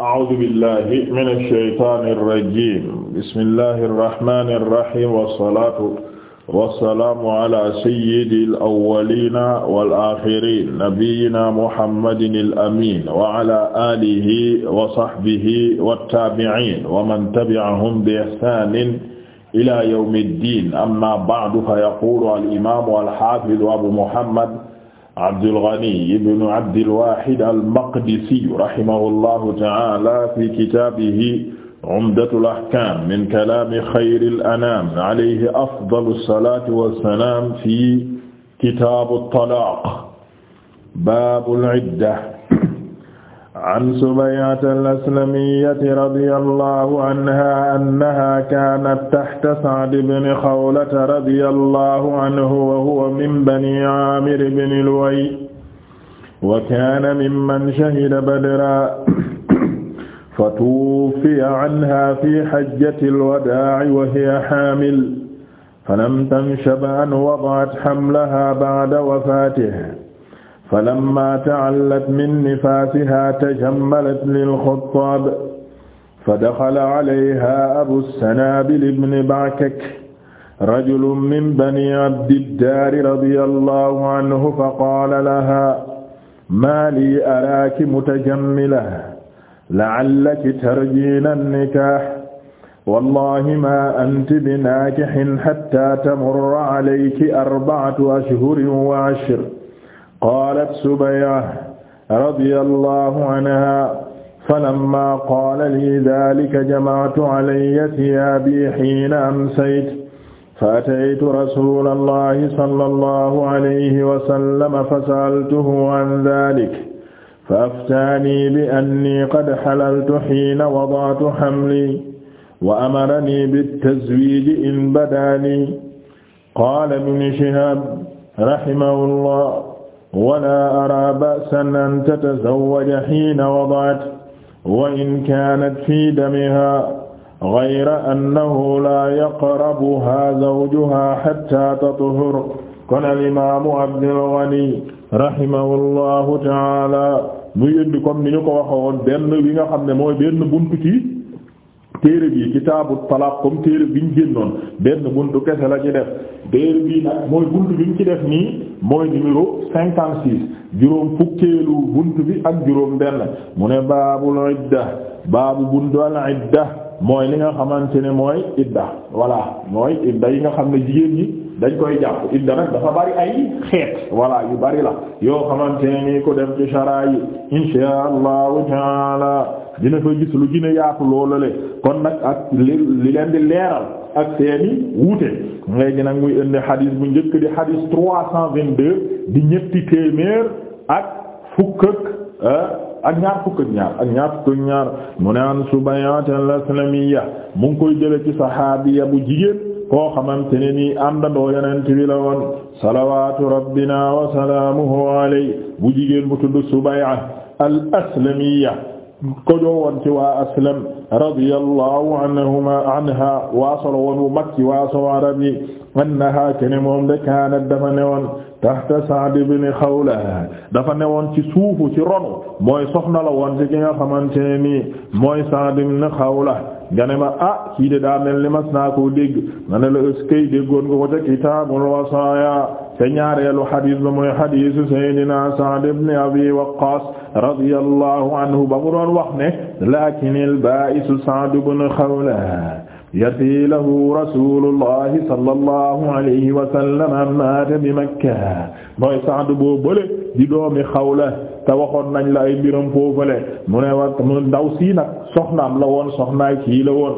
أعوذ بالله من الشيطان الرجيم بسم الله الرحمن الرحيم والصلاة والسلام على سيد الأولين والآخرين نبينا محمد الأمين وعلى آله وصحبه والتابعين ومن تبعهم بإحسان إلى يوم الدين أما بعد فيقول الإمام الحافظ أبو محمد Abdul Ghani ibn Abdil Wahid al-Maqdisi rahimahullahu ta'ala fi kitaabihi Umdatul Ahkaam min kalaami xayril anaam alayhi afdalu salaatu wa salaam fi kitaabu talaaq baabul idda an subayyata al-aslamiyyati radiyallahu anha annaha kaanat tahta sa'd ibn khawlata radiyallahu anhu wa huwa min bani aamir ibn lu'ay wa kaana mimman shahida badran fatuwuffiya anha fi hajjati al-wadaa'i wa hiya haamil falam tanshab an wada'at hamlaha ba'da wafaatihi فلما تعلت من نفاسها تجملت للخطاب فدخل عليها أبو السنابل بن بعكك رجل من بني عبد الدار رضي الله عنه فقال لها ما لي أراك متجملة لعلك ترجين النكاح والله ما أنت بناكح حتى تمر عليك أربعة أشهر وعشر qaalat Subay'a radiyallahu anha falammaa qaala lii dhaalika jama'tu alayya thiyaabii hiina amsaytu faataytu rasuulallahi sallallahu alayhi wa sallam fasa'altuhu an dhaalika faaftaanii bi annii qad halaltu hiina wada'tu hamlii wa amaranii bitazwiiji in badaa lii qaala ibnu Shihaab rahimahullaah wala araa ba'san an tatazawwaja hiina wada'at wa in kaanat fii damihaa ghayra annahu laa yaqrabuhaa zawjuhaa hattaa tatuhur kon alimaamu Abdul Ghani rahimahullahu ta'aala mu yëndi comme ni ñu ko waxoon benn bi nga xam ne mooy benn buntu ci téere bi kitaabu talaaq comme téere bi ñu génnoon benn buntu kese la ci def téere bii nag mooy buntu bi ñu ci def nii mooy numéro cinquante six juróom fukkeelu buntu bi ak juróom benn mu ne baabul idda baabu buntu al idda mooy li nga xamante ne mooy idda voilà mooy idda yi nga xam ne jigéen ñi dañ koy jàpp idda nag dafa bari ay xeet voilà yu bari la yoo xamante ne nii ko dem ci sharaa yi insha allahu taala dina koy gis lu gën a yaatu loolale kon nag ak li leen di leeral ak seeni wuute léegi nag muy indi xadis bu njëkk di xadis trois cent vingt-deux di ñetti téeméer ak fukk eh, ak ñaar fukk ak ñaar ak ñaar fukk ak ñaar mu ne an Subayat al-Aslamiyya mu ngi koy jële ci saxaabiya bu jigéen koo xamante ne nii àndandoo yonent bi la woon salawaatu rabbina wa salaamuhu alayhi bu jigéen bu tudd Subay'a al-Aslamiyya ko joowoon ci waa aslam radiyallahu anhuma anha waasolo woon wu mag ci waaso arab yi annaha kene moom de kaanat dafa newoon tahta Sa'd ibn Khawla dafa newoon ci suufu ci ronu mooy soxna la woon ci ki nga xamante ne nii mooy Sa'd ibn Khawla nga ne ma ah kii de daa mel ni mas naa koo dégg na ne la ëskay déggoon nga ko ca kitaabul wasaaya ca ñaareelu xadiis ba muy xadiisu seydina Sa'd ibn Abi Waqqaas radiyallahu anhu ba mu doon wax ne lakinil baa'isu Sa'd ibn Khawla yati lahu rasulullahi sallallahu alayhi wa sallam maata bi Makka mooy Sa'd boo bële di doomi Xawla te waxoon nañ la ay mbiram foofale mu ne wa mu ndaw sii nag soxnaam la woon soxnaay kii la woon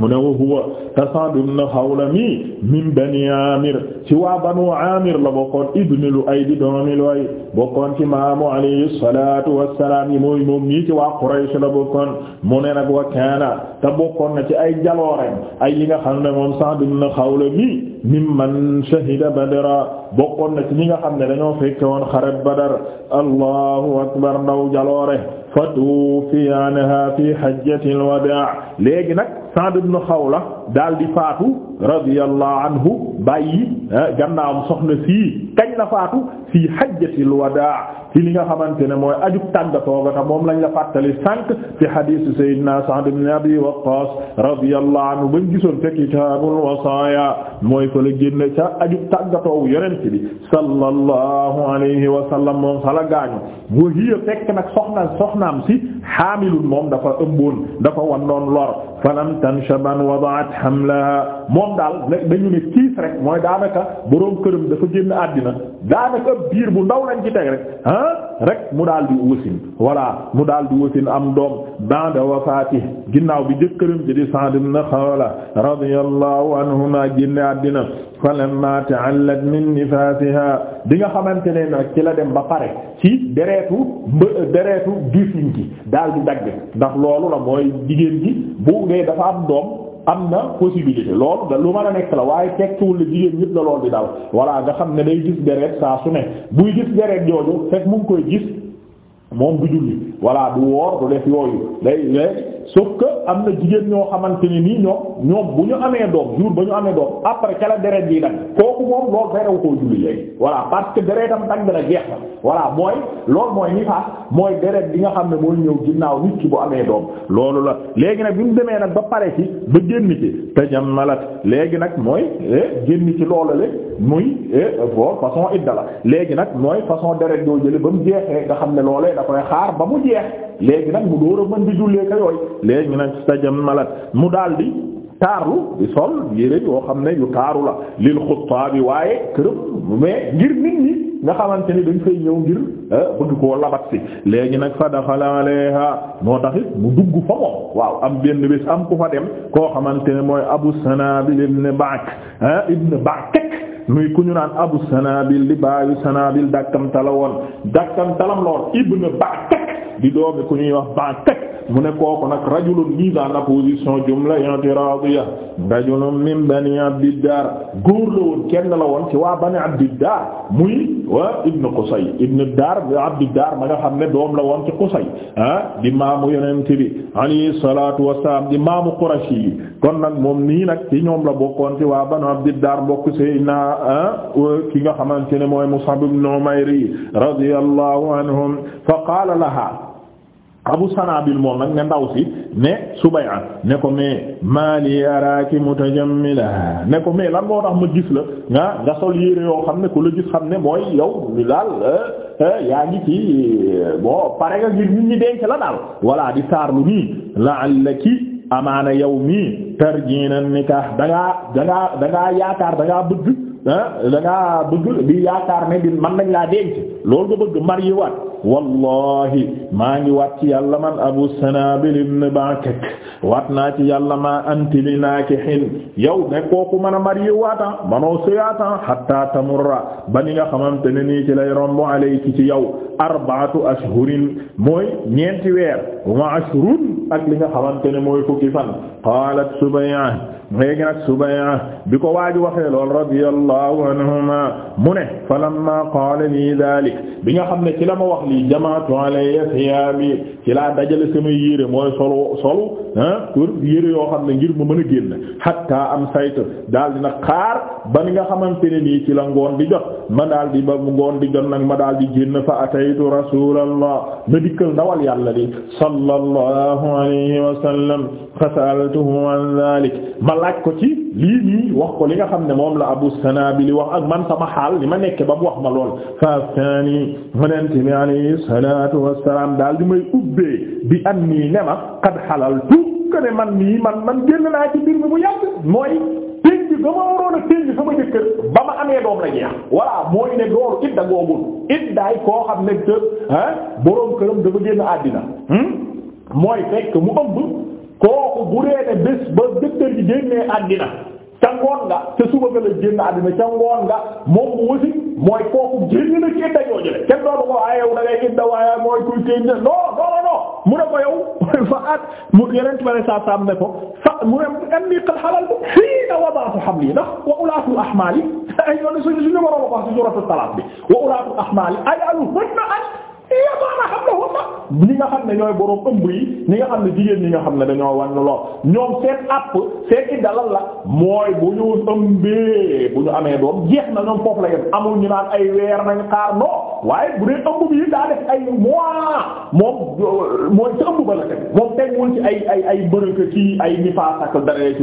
mu ne wa huwa te Sa'd ibn Xawlami min bani Amir ci waa banu Amir la bokkoon ibn Lu'ay di doomi Lu'ay bokkoon ci maamu alayhi salaatu wassalaam yi mooy moom ñii ci waa Quraysh la bokkoon mu ne nag wa kaana te bokkoon na ci ay jaloorem ay yi nga xam ne moom Sa'd ibn Xawlami mimman shahida Badra bokkoon na ci ñi nga xam ne dañoo fekke woon xareb Badar allahu akbar ndaw jaloore fa tuwuffiya anha fi hajjatil wadaa léegi nag Sa'd ibn Xawla daal di faatu radiyallahu anhu bàyyi eh, gannaawam soxna sii kañ la faatu fii hajjatil wadaa ci li nga xamante ne mooy aju tàggatoo nga moom lañ la fàttali sànq ci hadith Sayyidina Sa'd ibn Abi Waqqas radiyallahu anhu bañ gisoon fekk kitaabul wasaaya mooy fa la génn ca aju tàggatoo yonent bi sallallahu alayhi wa sallam moom sala gaañu wa hiya fekk nag soxna soxnaam si haamilun moom dafa ëmboon dafa wannoon lor falam tanshaban wada'at hamlaha moom daal dañu ne kiis rek mooy daanaka boroom këram dafa génn àddina daanaka biir bu ndaw lañ ci teg rek ah rek mu daal di wasin voilà mu daal di wasin am doom ba'da wafaati ginnaaw bi jëkkëram ci di Sa'd ibn Khawla radiyallahu anhuma génne àddina falamma ta'allat min nifaasiha di nga xamante ne nag ci la dem ba pare ci deretu mba deretu gisin gi daal di ndax loolu la mooy jigéen gi bu dee dafa am doom am na possibilité loolu da lu mën a nekk la waaye tekkiwul la jigéen ñëpp la lool di dal voilà nga xam ne day gis deret saa su ne buy gis deret jooju fekk mu ngi koy gis moom du julli voilà du woor du def yooyu day léegi sauf que am na jigéen ñoo xamante ni nii ñoom ñoom bu ñu amee doom jour ba ñu amee doom après ca la deret yi nag kooku moom loolu koo julli léegi voilà parce que na voilà mooy loolu mooy ni faas mooy deret bi nga xam ne mooy ñëw ginnaaw nit ki amee doom loolu la léegi nag bi mu demee nag ba pare ci ba génn ci te jam malat léegi nag mooy eh, génn ci loolu la muy loolu eh, façon idda la léegi nag mooy façon deret yoo jële ba mu jeexee nga xam ne loolee da xaar ba mu jeex léegi nag mu door a mën di jullee ka yooyu léegi nag stajam malat mu daldi taarlu di sol yére yoo xam ne yu taaru la lil xuttaa bi waaye këram mais ngir nit ñi nga xamante ni dañ fay ñëw ngir eh, bëgg labat si léegi nag fa daxala alayha moo taxit mu dugg fa moom waaw am benn bés am ku fa dem koo xamante ne mooy abu sanabil ibn ba'k eh, ibn ba'kak muy ku ñu naan abu sanabil di baayu sanabil dàkkamtala woon dàkkamtalam lool ibn ba'kak di doomi ku ñuy wax Ba'tak mu ne kooku nag rajulun mise en opposition jumla i'tiradiya rajulun min bani Abdiddar góor la woon kenn la woon ci waa bani Abdiddar muy wa Ibn Qusay Ibn Dar Abdiddar ma xam ne doom la woon ci Qusay ah di maamu yonent bi alayhi salaatu wassalaam di maamu Qurashi yi kon nag moom nii nag ñoom la bokkoon ci waa bani Abdiddar mbokk a ki nga xamante ne mooy Mus'ab ibn Umayr radiyallahu anhum fa qaala laha abu sanabil moom nag ne ndaw si ne subay'a ne ko mais mali araaki mutajammila ne ko mais lan moo tax ma gis la nga nga sol yére yoo xam ne ku la gis xam ne mooy yow lu daal euh, euh, yaa ngi ci euh, bon pare nga ngir nit ñi denc la daal walla di taarlu nii la'allaki amaana yow mii tarjiina nikah dangaa dangaa dangaa yaakaar dangaa bëgg ah dangaa bëgg di yaakaar ne di man nañ laa denc loolu nga bëgg marié waat wallahi maa ngi waat ci yàlla man abu sanabil ibn bakak waat naa ci yàlla maa anti li naakihin yow ne kooku mën a mano waatan ah, manoo séyaatan ah, hatta tamurra ba ni nga xamante ne nii ci lay rombo ci yow arbaatu ashhurin mooy ñeenti weer wa ashrun ak li nga xamante ne mooy fukki fan qalat subay'a léegi nag subay'a bi ko waaji waxee lool anhuma mu falamma qala li bi nga xam ne ci la ma wax lii jamaatu alayya thiyaabi ci laa dajale samay yére mooy solo solu ah pour yére yoo xam ne ngir mu mën a génn hatta am saytu daal dina xaar ba ni nga xamante ne nii ci la ngoon di jot ma daal di ba ngoon di jot nag ma daal di génn fa ataytu rasulallah ma dikkal ndawal yàlla di sallallahu alayhi wa sallam fasaltuhu an dhalik ma laaj ko ci lii nii wax ko li nga xam ne moom la abu sanabili wax ak man sama xaal li ma nekke ba mu wax ma lool faftani manente bi alayhi salatu wassalam daal di may ubbee bi an nii ne ma qad halaltu ne man nii man man génn naa ci mbir mi bu yàgg mooy pénc ba waroon a pénc sama jëkkër ba ma amee doom la jeex voilà mooy ne loolu idda googul iddaay koo xam ne te ah boroom këram dafa génn àddina hmm? mooy fekk mu ëmb kooku bu dee ne bés ba dëgg ji génnee àddina suba nga la génn àddina moom bu wasi mooy kooku génn na ci kenn doonu ko ayow ah, da ngay idda waaye mooy kuy téy ne non non non mu ne ko yow fa at mu yeneen sa fa mu ne an niqal xalal bi fii na wadaatu xam lii ndax wa ulaatul ahmaal yi ay yoon ma suñu waroon wax ci suuratul talaaq bi wa ulaatul ay alu hunna at yamaana xam ne woo sax ñi nga xam ne ñooy boroom ëmb yi ñi nga xam ne jigéen ñi nga xam ne dañoo wàññi lool ñoom seen àpp seen i dalal la mooy bu ñu ëmbee bu ñu amee doom jeex na ñoom foofu la yem amul ñu naan ay weer na xaar non waaye bu dee ëmb bi daa def ay mois moom mooy ci ëmb ba la def moom teguwul ay ay ay bërëkk ci ay nifaas ak daree ci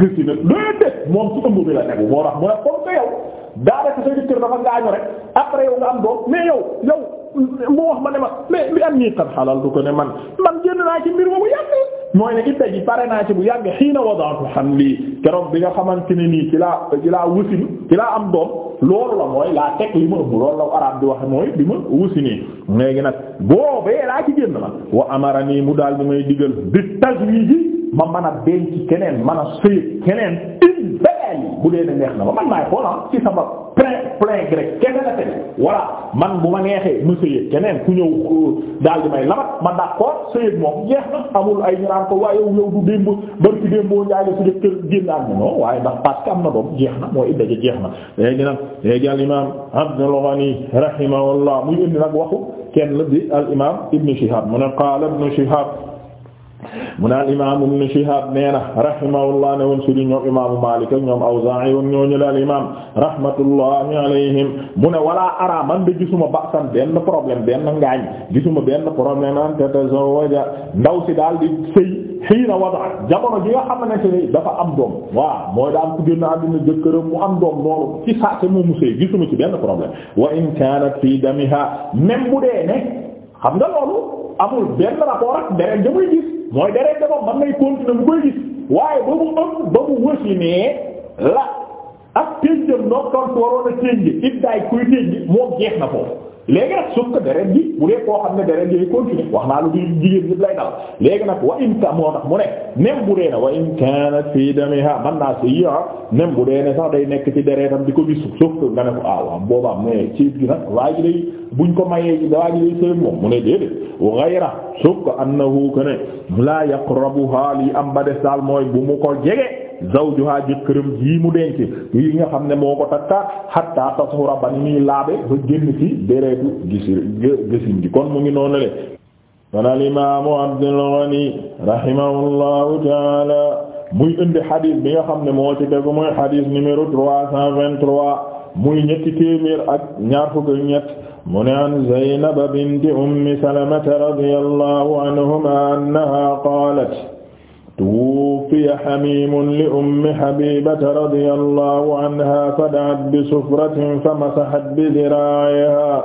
gëstu nag loolu moom ci ëmb bi la tegu moo tax mu ne comme que yow daa def sa jëkkër dafa gaañu rek après yow nga am doom mais yow yow. mu wax ma ne ma mais li am nii xat xalal du ko ne man man génn naa ci mbir ma bu yàgg mooy ne idda ji pare naa ci bu yàgg xiina wadaatu hamli keroog bi nga xamante ne nii ci laa ci laa wusin ci laa am doom loolu la mooy laa teg li ma ëmb loolu la arab di waxe mooy bi ma wusinee léegi nag boobee laa ci génn ma wa amara nii mu daal di may digal bi tazwiiji ma mën a denc keneen mën a sëy keneen yi bu dee ne neex na ma man maay xool ah ci sama plein plein grec keneen a tene voilà man bu ma neexee ma sëyeeg keneen ku ñëw daal di may labat ma d'accord sëyeeg moom jeex na amul ay ñu ko waaye yow du démb bari ci démboo njaay la su def kër génnaan na non waaye ndax parce que am na doom jeex na mooy iddaje jeex na léegi nag léegi al imam Abdul Ghani muy indi nag waxu kenn la bi al imam Shihab mu ne qaala Ibn Shihab mu naan imam ibn Shihab nee na rahimahullah ne woon suri ñoom imaamu Maalik ñoom Awzaa'i woon ñoo ñëlal imam rahmatullahi alayhim mu ne walaa ara man gisuma ba'san benn problème benn ngaañ gisuma benn problème an tatazawwaja ndaw si daal di sëy xiina wadaat jamono ji nga xamante ne dafa am doom waaw mooy da am ku génn àddina jëkkëram mu am doom loolu ci saate moom mu sëy gisuma ci benn problème wa in kaanat fii damiha même bu dee ne xam nga loolu mooy deret da moom mën nay continuer mu koy gis waaye ba mu ba mu wësinee la ak ténjam nokkantu waroon a ténj it daay kuy ténj moom jeex na foofu léegi nag suuf deret ji bu dee koo xam ne deret yooyu continuer wax naa lu di jigéen ñi lay dal léegi nag wa in moo tax mu ne même bu dee ne wa in kaanat fii damiha man naa si yi ah même bu dee ne sax day nekk ci deretam di ko gis suuf que nga ne ko ah waaw boobaa mais ci gi nag waa ji day buñ ko mayee ci dawaa ji lay sëy moom mu ne déedéet wa ghayra sukk annahu kana la yaqrabuha li am ba des daal mooy bu mu ko jege zawjuha jëkkëram ji mu denc yi nga xam ne moo ko takkaat hatta tashura ba ni muy laabe ba génn ci déreetu gisi gësin gi kon mu ngi noonu le kon al imaamu Abdul Ghani rahimahullahu taala muy indi xadis bi nga xam ne moo ci tegu mooy xadis numéro trois cent vingt-trois muy ñetti téeméer ak ñaar fukk ñett mu ne an Zaynab binti ummi Salamata radiyallahu anhuma annaha qaalat tuwuffiya hamiimun li ummi Habibata radiyallahu anha fada'at bi sufratin famasahat bi diraa'ihaa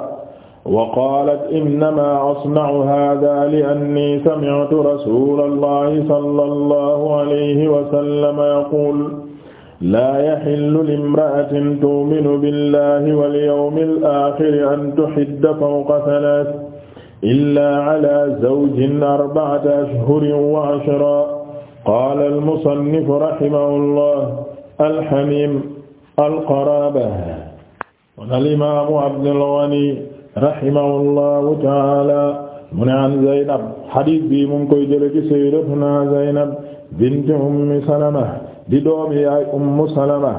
wa qaalat innamaa asna'u haadhaa li-annii sami'tu rasuulallahi sallallahu alayhi wa sallam yaquul laa yaxillu limra'atin tu'minu billahi wal yawmil aaxiri an tuhidda fawqa salaas illaa calaa zawjin arbacata ashhurin wa cashran qaala almusannifu rahimahullah alxamiim alqaraaba wan alimaamu Abdul Ghani rahimahullahu taala mu ne an Zaynab xadiis bi mu ngi koy jële ci sayyidatunaa Zaynab bint Ummi Salama di doomi yaay ummu salama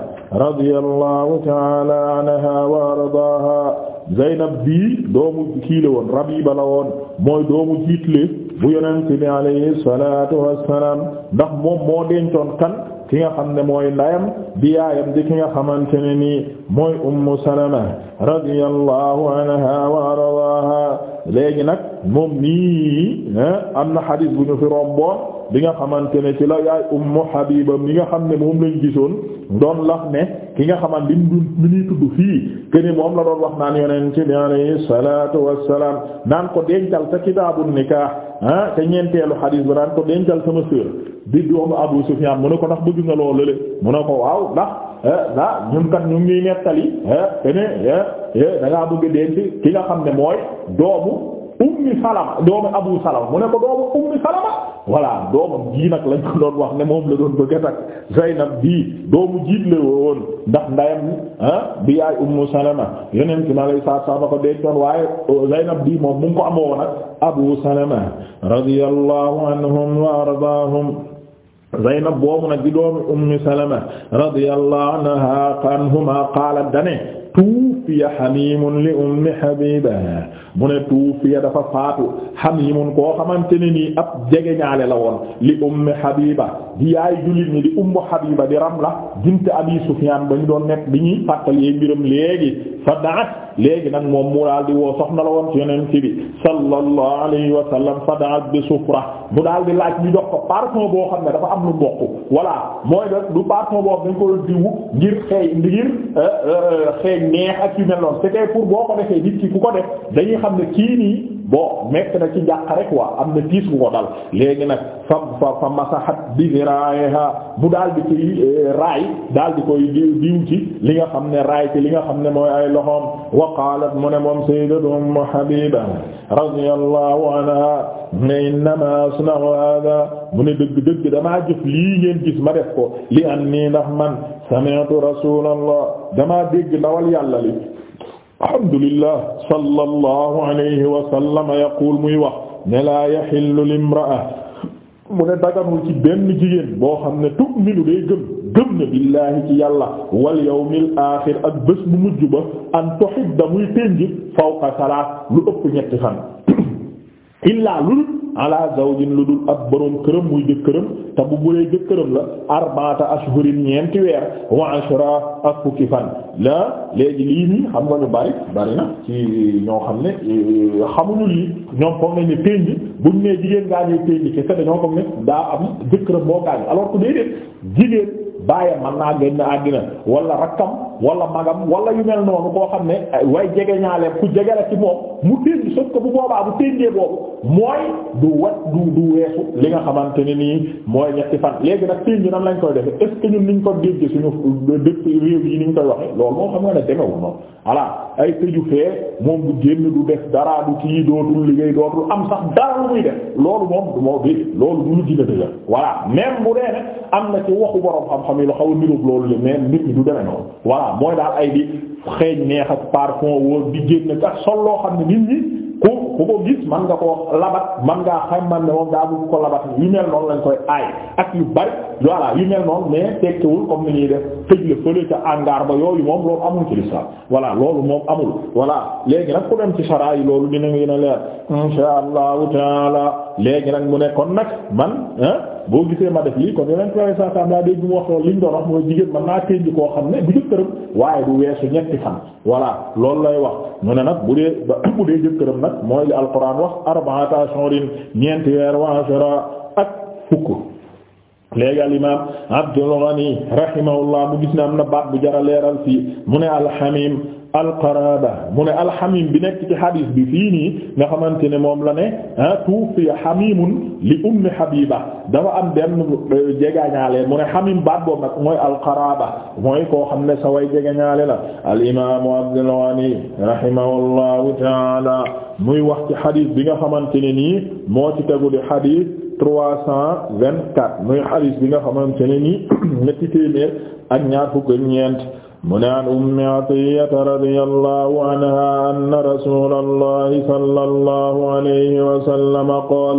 radiyallahu ta'ala anha wa ardaaha Zaynab bii doomu kiile woon Rabiba la woon mooy doomu jiitle bu yonente bi alayhi salatu wassalaam ndax moom moo dencoon kan ki nga xam ne mooy ndayam di yaayam di ki nga xamante ne nii mooy ummu salama radiyallahu anha wa ardaaha léegi nag moom nii eh, am na xadiis bu ñu fi romboon bi nga xamante ne ci la yaay ummu Habiba mi nga xam ne moom lañ gisoon doon lax ne ki nga xamante bi du mi tudd fii kene moom la doon wax naan yonent bi alayhi salaatu wassalaam naan ko dencal sa kitaabun nikaah ah te ñeenteelu xadiis ba naan ko dencal sama sœur di doomu Abu Sufyaan mu ne ko ndax bëgg nga loolu le mu ne ko waaw ndax ah ñun kat ñu ngi nettali ah te ne bëgg denc ki nga xam ne mooy doomu. ummi salama doomu abu salama mu ne ko doomu ummi salama voilà doomam ji nag lañ ko doon wax ne moom la doon bëgg a takk zaynab bii doomu woon ndax ndayam ah, bi yaay ummu salama yeneen ci ma lay saa saa ba ko waaye oh, zaynab bii moom mu ngi ko abu salama radiyallahu anhum wa ardaahum Zaynab boobu nag di doomi ummi Salama anha anhuma qaalat dane tuufiya hamiimun li Habiba mu ne tuufiya dafa faatu Hamiim koo xamante ne nii ab jegeñaale la woon li Ummi Habiba di yaay jullit ñi di Ummu Habiba di Ramla bint Abi Sufyaan ba ñu doon nekk bi ñuy fàttalee mbiram léegi fa daat léegi nag moom mu daal di woo soxna la woon ci Yonent bi sallallahu alayhi wa sallam fa daat bi sufra mu daal di laaj ñu jox ko parfum boo xam ne dafa am lu mboq voilà mooy nag du parfum boo xam dañ ko diw ngir xëy ngir euh, euh, xëy neex ak yu mel noonu c'était pour xam ne kii nii bon nekk na ci jàq rek waa am na tiis bu ko dal léegi nag fa fa fa masahat bi ziraaha bu daal di koy eh, raay daal di koy diw ci li nga xam ne raay ci li nga xam ne mooy ay loxoom wa qaalat mu ne moom sayyidatu ummu habiba radiyallahu anha ne innama asna'u hada mu ne dëgg dëgg damaa jëf lii ngeen gis ma def ko li an nii ndax man sami'tu rasulallah damaa dégg ndawal yàlla li alhamdulillah sallallahu alayhi wa sallam yaqul muy wax ne laa yaxillu limraa mu ne daganul ci benn jigéen boo xam ne tu'minu day gëm gëm na billaahi ci yàlla wal yawmil aaxir ak bés bu mujj ba an tuhibba muy tënj fawqa salaat lu ëpp ñetti fan illaa lu dul ala zawjin lu dul ab boroom këram muy jëkkëram te bu buree jëkkëram la arbaata ashhurin ñeenti weer wa ashra ak fukki fan la léegi lii nii xam nga ñu bari bari na ci ñoo xam ne euh, xamuñu lii ñoom foog nañu ne pénj buñ nee jigéen ngaa nee pénj kese dañoo foog ne daa am jëkkëram moo gaañu alors que déedéet jigéen baayam man naa génn àddina wala rakkam wala magam wala yu mel noonu koo xam ne way jege ñaaleem ku jege la ci moom mu ténj sot ko bu boobaa bu ténjee boobu mooy du wat du du weesu li nga xamante ne nii mooy ñetti fan léegi nag ténj nam lañ koy defe est ce ko dégg suñu dëkk réew yi niñ koy waxe loolu moo xam nga ne demewul noonu voilà ay tëju fee moom du génn du def dara du kii dootul liggéey dootul am sax dara lu muy def loolu moom du moo dé loolu xam yi lu xaw a niroog loolu le mais nit ñi du demee noonu voilà mooy daal ay di xeeñ neex ak parfum wóor di génn ak sol loo xam ne nit ñi ku ku ko gis man nga ko labat man ngaa xam man ne moom daa bu ko labat yu mel noonu lañ koy aay ak yu bari voilà yu mel noonu mais tekkiwul comme ni ñuy def tëj la fële ca angaar ba yooyu moom loolu amul ci l'islam voilà loolu moom amul voilà léegi nag ku dem ci saraa yi loolu dina gën a leer insha allahu taala léegi mu ne kon nag boo gisee ma def lii kon yeneen trois cent wax loolu li ñu doon wax mooy jigéen mën naa tëj koo xam ne bu jëkkëram waaye du weesu ñetti fan. voilà loolu lay wax mu ne nag bu dee bu dee jëkkëram nag mooy li alquran wax arba'ata shurin ñeenti weer wa ashara ak fukk. léegi al Abdul Ghani rahimahullah mu gis ne am na baat bu jara leeral fii mu ne alhamim alqaraba mu ne alxamim bi nekk ci xadis bi fii nii nga xamante ne moom la ne ah tuufiya xamimun li ummi habiba dafa am benn euh, jegañaale mu ne xamim baat boobu nag mooy alqaraba mooy koo xam ne sa way jegañaale la alimamu Abdul Ghani rahimahullahu taala muy wax ci xadis bi nga xamante ne nii moo ci tegu di xadis trois cent vingt-quatre muy xadis bi nga xamante ne nii ñetti téeméer ak ñaar fukk ñeent mu ne an ummi atiyata radiyallahu anha anna rasulallahi sallallahu alayhi wa sallam qaal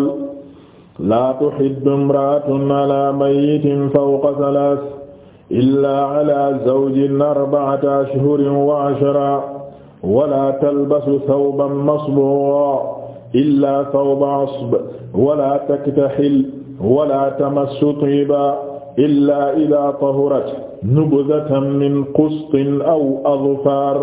laa tuhiddu imra'atun ala mayyitin fawqa thalath illaa ala zawjin arba'ata ashhurin wa 'ashra wa laa talbasu thawban masbuuran illaa thawba 'asb wa laa taktahil wa laa tamassu tiiban illaa idaa tahurat nubdatan min qustin aw azfaar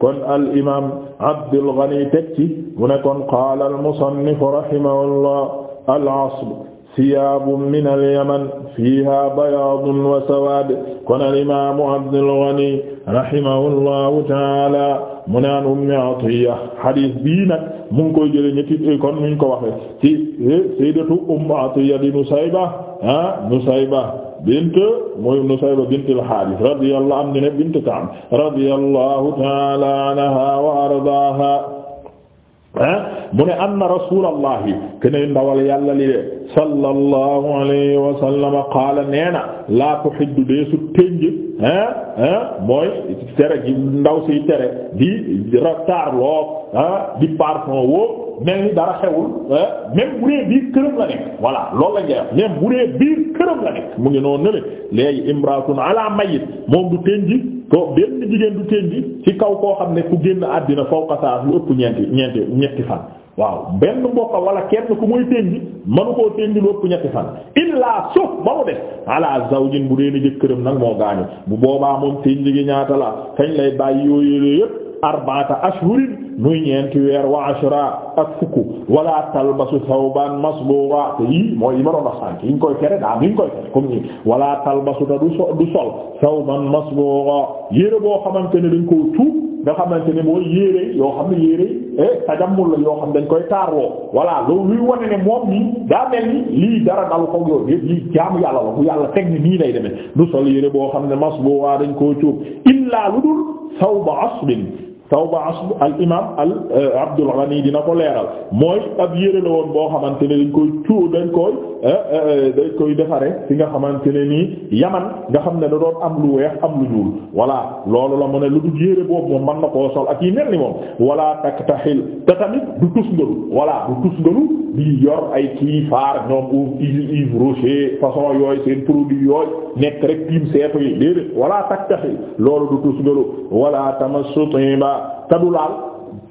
kon al imaam Abdul Ghani teg ci mu ne kon qaala al musannif rahimahullah al asl siyaabun min al yaman fiihaa bayaadun wa sawaad kon al imaam Abdul Ghani rahimahullahu ta'aala mu ne an ummi atiya hadith bii nag mu ngi koy jële ñetti kon nuñ ko waxe ci eh, sayyidatu ummu atiya di Nusayba ah Nusayba bint muy Nusayba bint al-Haaris radiyallahu anha bint Ka'b radiyallahu ta'ala anha wa ardaaha mu ne anna rasulallahi keneen ndawal yàlla li de sallallahu alayhi wa sallam qaala neena laa tuhiddu deesu tënj ah ah tere gi ndaw si tere di retard loo ah di parfum woo mel dara xewul même bu dee biir këram la nekk voilà loolu la ñu wax bu dee biir këram la nekk mu ngi noonu ne léegi imraatun ala mayit moom du tënj. ko benn jigéen du tënji ci kaw koo xam ne ku génn àddina fawqa saar lu ëpp ñeenti ñeenti ñetti fan waaw benn mbokka wala kenn ku muy tënji manu koo tënji lu ëpp ñetti fan illaa suuf ba mu def ala zawjin bu dee ni jëkkëram nag moo gaañu bu boobaa moom tënji gi ñaata la kañ lay bàyyi yooyu yëpp arbaata ashhurin muy ñeenti weer wa ashra ak fukk wala talbasu thawban masbugha te yii mooy yi ma doon wax sànk yi ñu koy tere daa ñu koy tere comme ni wala so du sol thawban masbugha yére boo xamante ne dañ koo cuub nga xamante ne mooy yére yoo xam ne yére eh tajammul la yoo xam dañ koy taaroo voilà loolu luy wane ne moom nii daa mel ni lii dara dalu ko yooyu yëpp lii jaamu yàlla la bu yàlla teg ni nii lay demee du sol yére boo xam ne mas boo waa dañ koo cuub illaa lu dul sawba tawba asb al imam al euh, Abdul Ghani dina ko leeral mooy ab yére la woon boo xamante ne dañ koy cuu dañ koy euh, euh, dañ koy defare fi nga xamante ne nii yaman nga xam ne da doon am lu weex am lu ñuul voilà loolu la mu ne lu du yére boobu moom mën na koo sol ak yi mel ni moom wala takk taxil te tamit du tusngalu voilà du tusngalu di yor ay kii faar ñoom ouf Yves Rocher façon yooyu seen produit yooyu nekk rek tiim seetu yi déedéet wala takkaxi loolu du tusgaru wala tamasutiba te du laal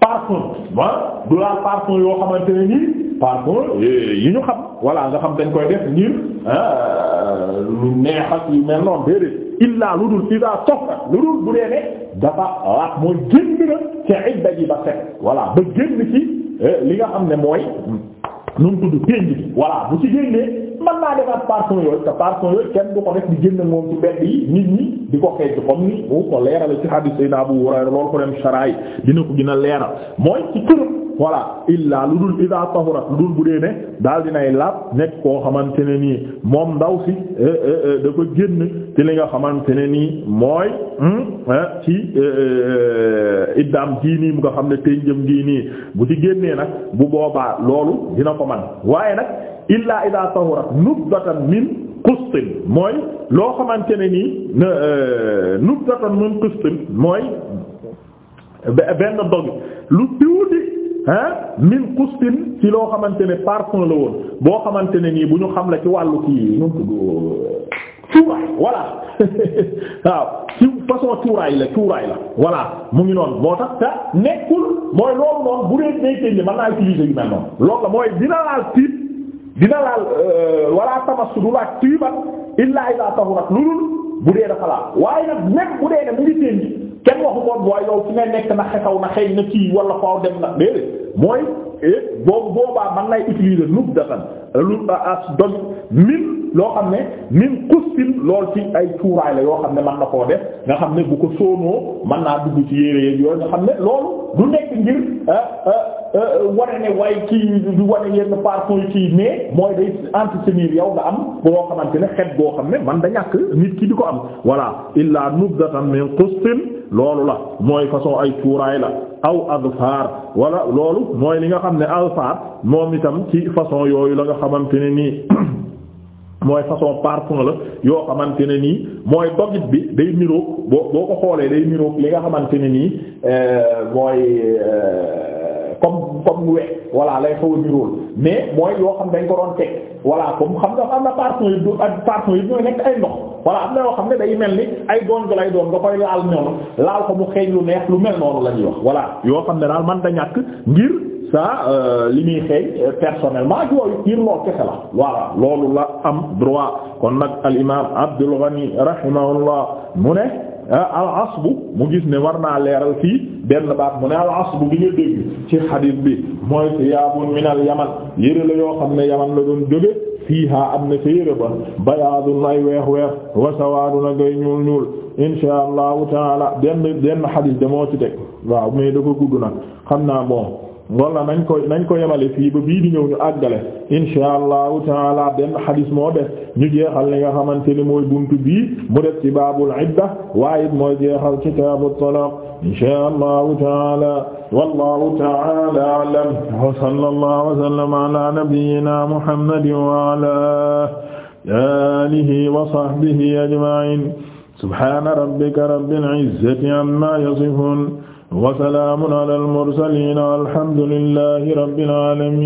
parfum ah du laal parfum yoo xamante ne nii parfum yi ñu xam wala nga xam dañ koy def ngir euh, lu neex ak yu mel noonu déedéet illaa lu dul ida soxla lu dul bu dee ne dafa laat mooy génn na ca idda ji ba set voilà ba génn ci euh, li nga xam ne mooy nu mu tudd pénc bi voilà bu ci génnee man naa defar parfum yooyu te parfum kenn du ko def di génn moom ci mbedd yi nit ñi di ko xeecc comme ni mu ko leerale ci hadith Seydina Abu Hurayra loolu ko dem sharaay dina ko gën a leeral mooy ci këram voilà illaa lu dul ida tahurat lu dul bu dee ne daal dinay laab nekk koo xamante ne nii moom ndaw si eh, eh, eh, dafa génn ci li nga xamante ne nii mooy hmm, ci iddaam jii nii mu nga xam ne ténjëm gii nii bu ci génnee nag bu boobaa loolu dina ko man waaye nag illaa ida tahurat nubdatan min qustin mooy loo xamante ne nii nubdatan min qustin mooy benn dog lu tuuti ah min qustin ci loo xamante ne parfum la woon boo xamante ne nii bu ñu xam la ci wàllu kii ñu tudd cuuraay voilà waaw ci façon cuuraay la cuuraay la voilà mu ngi noonu moo tax te nekkul mooy loolu noonu bu dee béykat yi mën naa utiliser yu mel noonu loolu la mooy dina laal tiit dina laal euh, wala tamassu du laaj tiiban illaa illaa tahurat lu dul bu dee dafa laal waaye nag même bu dee ne mu ngi téye kenn waxu ko waaye yow fi nga nekk na xesaw na xëy na kii wala faaw dem na déedéet mooy eh, boobu boobaa man lay utiliser nub datan lu as doj min loo xam ne min kustin lool ci ay cuuraay la yoo xam ne mën na koo def nga xam ne bu ko soonoo man naa dugg ci yére yéeg yooyu nga xam ne loolu du nekk ngir euh, euh, euh, wane ne way kii du wane yenn parfum kii mais mooy day antisémire yow nga am boo xamante ne xet goo xam ne man da ñàkk nit ki di ko am voilà illaa nubdatan min qustin loolu la mooy façon ay cuuraay la aw azfar wala loolu mooy li nga xam ne azfar moom itam ci façon yooyu la nga xamante ne nii mooy façon parfum la yoo xamante ne nii mooy dogit bi day niroog boo boo ko xoolee day niroog li nga xamante ne nii euh, mooy euh, comme comme we voilà lay xaw a nirool mais mooy yoo xam dañ ko doon teg voilà comme xam nga am na parfum yi ak parfum yi ñooy nekk ay ndox voilà am na yoo xam ne day mel ni ay doon lay doon nga koy laal noonu laal ko mu xeeñ lu neex lu mel noonu la ñuy wax voilà yoo xam ne daal man da ñàkk ngir. ça euh, li muy xëy euh, personnellement yooyu ngir lool kese la voilà loolu la am droit kon nag al imaam Abdul Ghani rahimahullah mu ne euh, al asbu mu gis ne war naa leeral fii benn baat mu ne al asbu bi nga dégg ci xadiis bi mooy siyaabun min al yaman yére la yoo xam ne yaman la doon jóge fiiha am na séeré ba bayaadun ay weex weex wa sawaadun a ngay ñuul ñuul insha allahu taala benn benn xadiis de moo ci teg waaw mais dafa gudd nag xam naa bon ngoon la nañ ko nañ ko yemale fii ba bii di ñëw ñu àggale insha allahu taala benn xadis moo def ñu jeexal li nga xamante ni mooy buntu bii mu def ci baabul idda waaye it mooy jeexal kitaabu talaaq insha allahu taala wallahu taala a'lam wa sallallahu wa sallama ala nabiyyina muhammadin wa ala alihi wa sahbihi ajma'in subhana rabbika rabbil izzati amma yasifun wa salaamun alal mursaliin alhamdulillahi rabbil aalamiin